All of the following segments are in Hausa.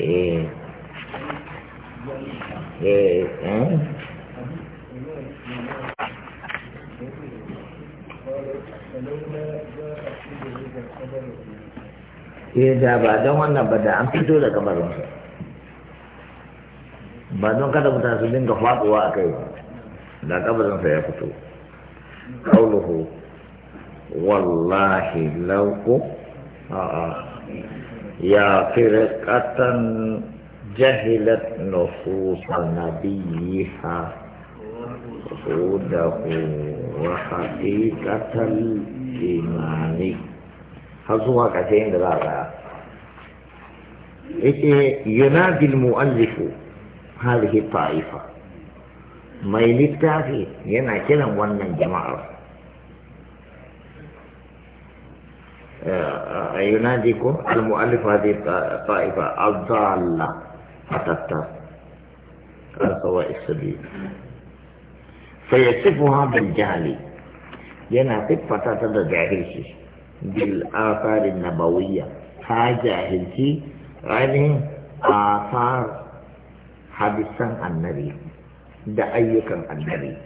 Eh eh eh, eh eh eh da ba don wannan ba da an fito da kamarinsa ba don kada mutane su dinga faɗuwa a kai da kamarinsa ya fito ƙauluhu wallahi lauko. a'a يا فرقة جهلت نصوص نبيها وجوده وحقيقة الإيمان هذا كثير دلالة ينادي المؤلف هذه الطائفة ما يلتقي ينا كلام وانا جماعه يناديكم المؤلف هذه الطائفة الضالة أتتر على قواء السبيل فيصفها بالجهل لأنها صفة تبدأ بالآثار النبوية ها جاهلتي يعني آثار حديثا النبي ده أيكم النبي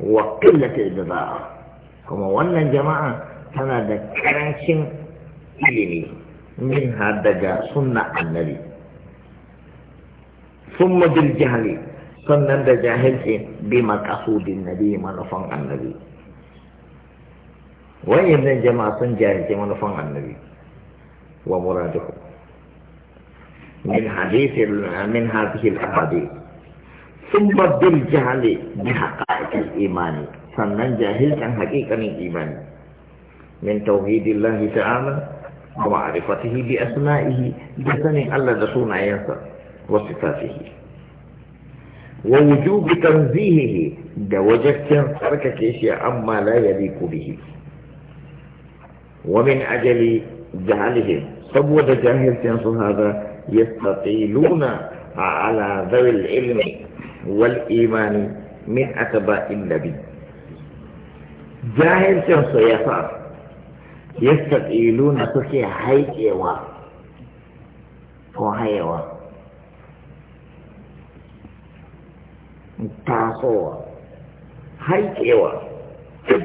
وقلة البضاعة كما وانا الجماعة tana da karancin ilimi min har daga sunna annabi sun bil jahali sannan da jahilci bi makasudin nabi manufan annabi wayan nan jama'a sun jahilci manufan annabi wa muraduhu min hadisi min hadhihi al-ahadith ثم بالجهل بحقائق الإيمان sannan jahilkan haƙiƙanin imani من توحيد الله تعالى ومعرفته بأسمائه بسنع الله دسون عيسى وصفاته ووجوب تنزيهه دوجك تركك شيء أما لا يليق به ومن أجل جعلهم صبود جاهل هذا يستطيلون على ذوي العلم والإيمان من أتباع النبي جاهل يسار yastaƙiluna suke haikewa ko hayewa tasowa haikewa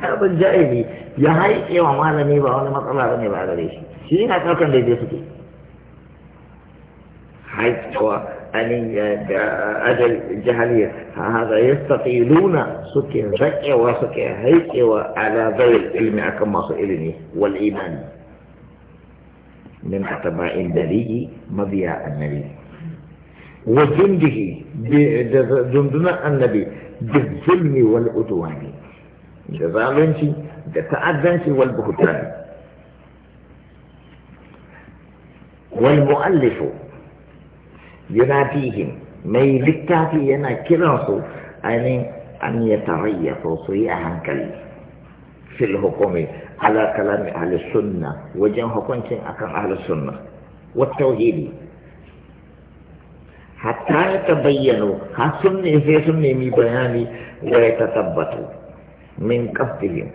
abin jahili ya haikewa malami ba wani matsala ne ba a gare shi shi yana ɗaukar daidai suke haikewa أجل الجهلية هذا يستطيلون سكي زكي وسكي هيكي وعلى ذوي العلم أكما سئلني والإيمان من أتباع النبي مضياء النبي وجنده جندنا النبي بالظلم والعدوان بظالمتي بتعدنتي والبهتان والمؤلف يناديهم mai littafi yana kiransu ainihin an ya tarayya su yi a hankali fil hukumi ala kalami ahli sunna wajen hukuncin akan ahli sunna wata tauhidi hatta ya tabayyano har sun ne sai sun nemi bayani da ya ta tabbatu min kafdihim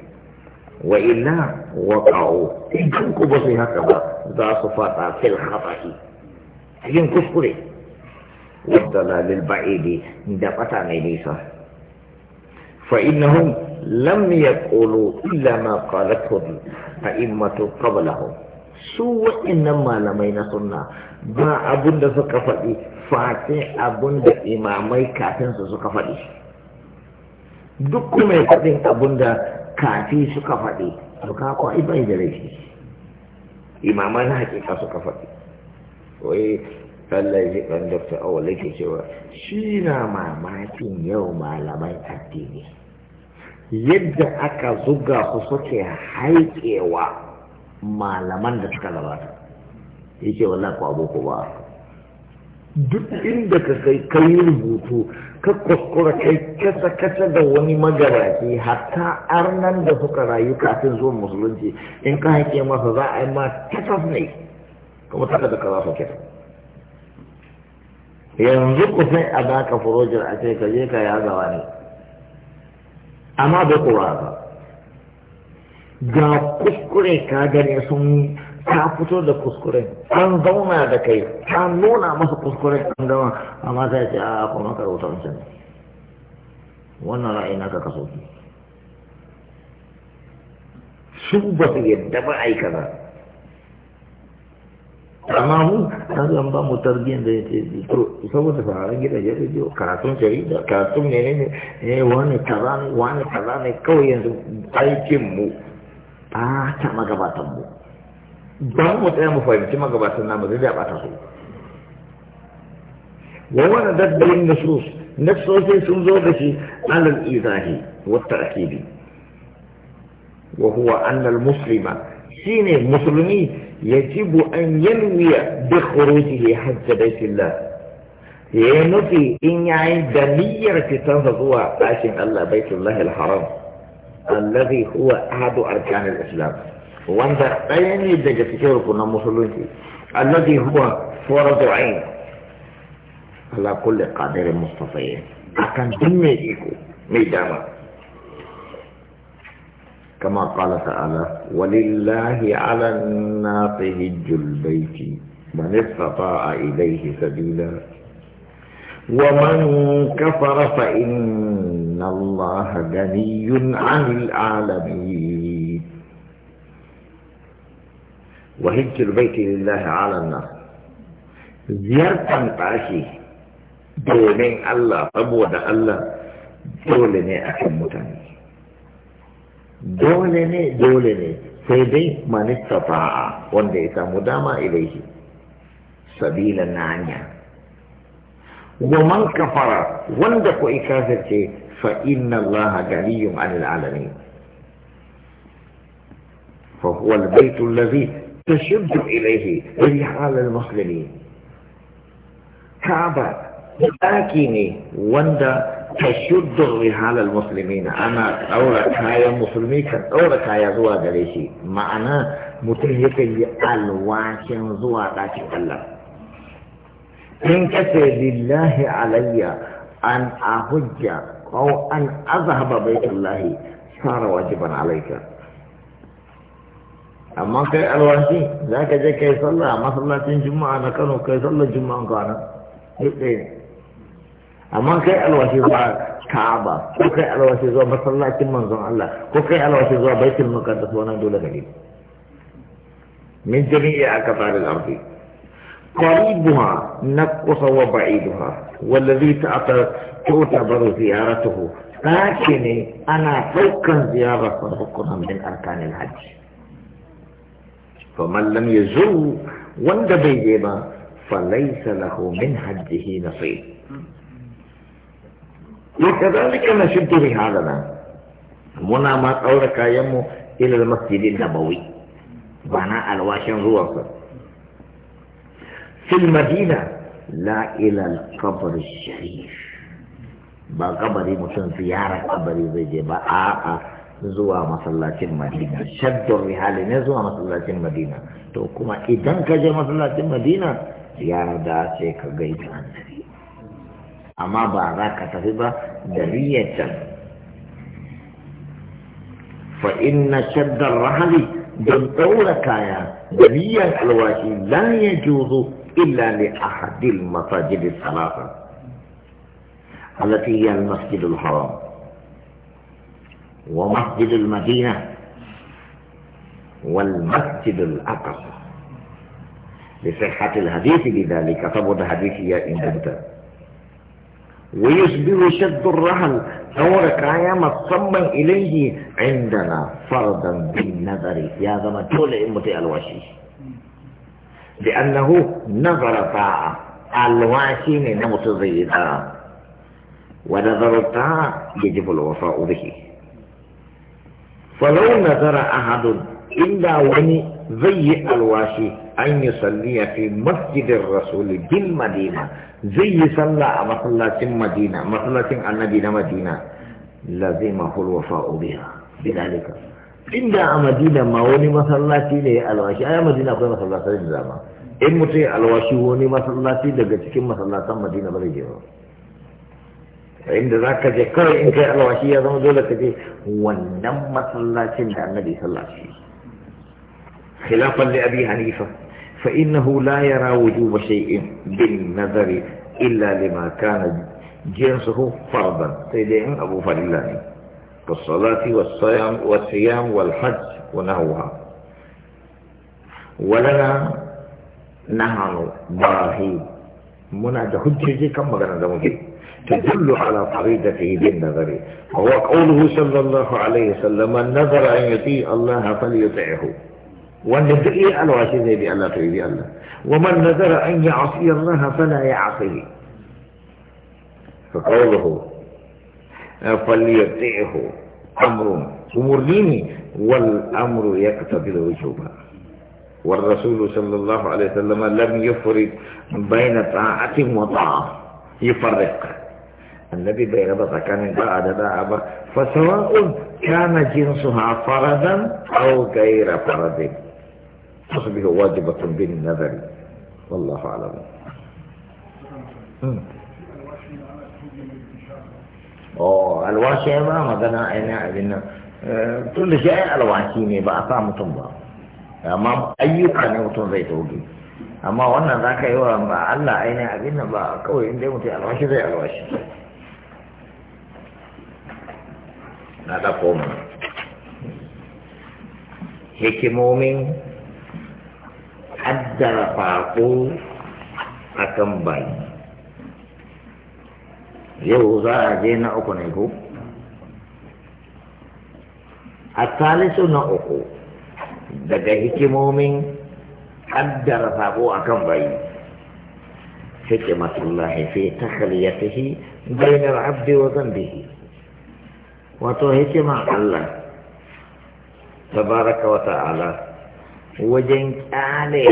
wa illa wa kawo idan ku ba su haka ba za su fada fil khata'i cikin kuskure waddalalil ba'idi da fata mai nisa fa innahum lam yaqulu illa ma qalathu a'immatu qablahum su wa'innan malamai na sunna ba abun da suka faɗi fati abun imamai kafin su suka faɗi duk mai faɗin abun da kafi suka faɗi to ka kwa ibai da rai imamai na hakika suka faɗi Allah ya ɗan Dr. Awal yake cewa shi na mamakin yau malamai addini yadda aka zuga su suke haikewa malaman da suka gabata ce wallah ku ku ba duk inda ka kai kai rubutu ka kuskura kai kasa kasa da wani magarafi hatta arnan da suka rayu kafin zuwa musulunci in ka haike masa za a yi ma kasaf ne kuma taka da ka za yanzu ku sai a baka furojin a ce ka je ka ya gawa ne amma bai kura ba ga kuskure ka gani sun ka fito da kuskure an zauna da kai an nuna masa kuskure an gama amma sai ce a kuma karautar su sani wannan ra'ayi na ka kaso su ba su yadda ba aikata amma mu zan ba mu tarbiyyar da ya ce saboda fararen gidajen rediyo karatun jarida karatun ne eh, ne ne wani wani ne kawai yanzu aikin mu ba ta magabatan mu ba mu mu fahimci magabatan namu zai sun zo da shi alal izahi wata akidi wa huwa annal muslima shine musulmi يجب أن ينوي بخروجه حتى بيت الله ينفي إن عند نية تنظر عشان الله بيت الله الحرام الذي هو أحد أركان الإسلام وأنت أيني دجا تشوفنا مسلمين الذي هو فرض عين على كل قادر مصطفى أكن دمي إيكو ميدانا كما قال تعالى ولله على الناس هج البيت من استطاع إليه سبيلا ومن كفر فإن الله غني عن العالمين وهج البيت لله على الناس زيارة تعشي دولين الله أبو الله دولين أكمتني dole ne dole ne sai dai manista fa'a wanda ya samu dama ilaihi sabila na hanya wa man kafara wanda ko ce fa inna Allah ganiyun anil alamin fa huwa albayt alladhi tashuddu ilayhi rihal almuslimin kaaba daki ne wanda tashuddu rihal al-muslimina ana aure kayan musulmi ka aure kaya zuwa gare shi ma'ana mutum yakan yi alwashin zuwa dakin Allah in kasa lillahi alayya an ahujja ko an azhaba baitullah sara wajiban alayka amma kai alwashi zaka je kai sallah masallacin juma'a na Kano kai sallar juma'a kana amma kai alwashi zuwa ka'aba ko kai alwashi zuwa masallacin manzon Allah ko kai alwashi zuwa baitul muqaddas wannan dole gari min jami'i akfar al-ardi قريبها نقص وبعيدها والذي تعتبر زيارته لكن أنا فوقا زيارة ركنا من أركان الحج فمن لم يزر وندبي فليس له من حجه نصيب وكذلك نشد بهذا muna ma ɗaura kayanmu ilal masjidin nabawi ba na alwashin ruwansa fil madina la ilal kabar sharif ba kabari mutum ziyarar kabari zai je ba a'a zuwa masallacin madina shaddun rihali ne zuwa masallacin madina to kuma idan ka je masallacin madina ziyarar da ce ka gaita annabi amma ba za ka tafi ba da niyyatan fa inna shaddar rahali don ɗaura kaya da niyyar alwashi la ya juzo illa li ahadil masajid salasa allati hiya al-masjid al-haram wa masjid al-madina wal masjid al-aqsa li sihhati al-hadith bi dhalika saboda hadisi ya inganta ويشبه شد الرهل ثور كايا مصبا إليه عندنا فرضا بالنظر يا زما كل إمتي الوشي لأنه نظر طاعة الواشي من متضيدا ونظر الطاعة يجب الوفاء به فلو نظر أحد إلا وني زي الواشي an yi salliya fi masjidin rasuli bil madina zai yi sallah a masallacin madina masallacin annabi na madina lazima hulwafa ubiha bidalika inda a madina ma wani masallaci ne alwashi a madina akwai masallacin da dama in mutum ya alwashi wani masallaci daga cikin masallatan madina ba zai je ba inda za ka je kawai in kai alwashi ya zama dole ka je wannan masallacin da annabi sallaci khilafan da abi hanifa فإنه لا يرى وجوب شيء بالنظر إلا لما كان جنسه فرضا سيدين أبو فلان كالصلاة والصيام, والصيام والحج ونهوها ولنا نحن باهي منا جهد كم مغنى دمجي تدل على فريدته بالنظر وهو قوله صلى الله عليه وسلم النظر أن يطيع الله فليطعه وان على واشي زي بي الله الله ومن نذر أن يعصي الله فلا يعصيه فقوله فليطيعه أمر أمور ديني والأمر يقتضي الوجوب والرسول صلى الله عليه وسلم لم يفرق بين طاعة وطاعة يفرق النبي بين كان بعد دعبة فسواء كان جنسها فردا أو غير فرد تصبح واجبة بالنذر والله أعلم الواشي ما مدنا أنا أبنا كل شيء الواشي ما بقى صام أما أي أنا متون زي أما وانا ذاك أيوة الله أنا أبنا بقى كوي إندي متي الواشي زي الواشي هذا قوم هيك مؤمن kaddara faƙo a kan bayi yau za a je na uku ne ko a talisu na uku daga hikimomin kaddara faƙo a kan bayi hikimatullahi fi takhaliyatihi bainar abdi wa zambihi wato hikima Allah tabaraka wa ta'ala wajen kyale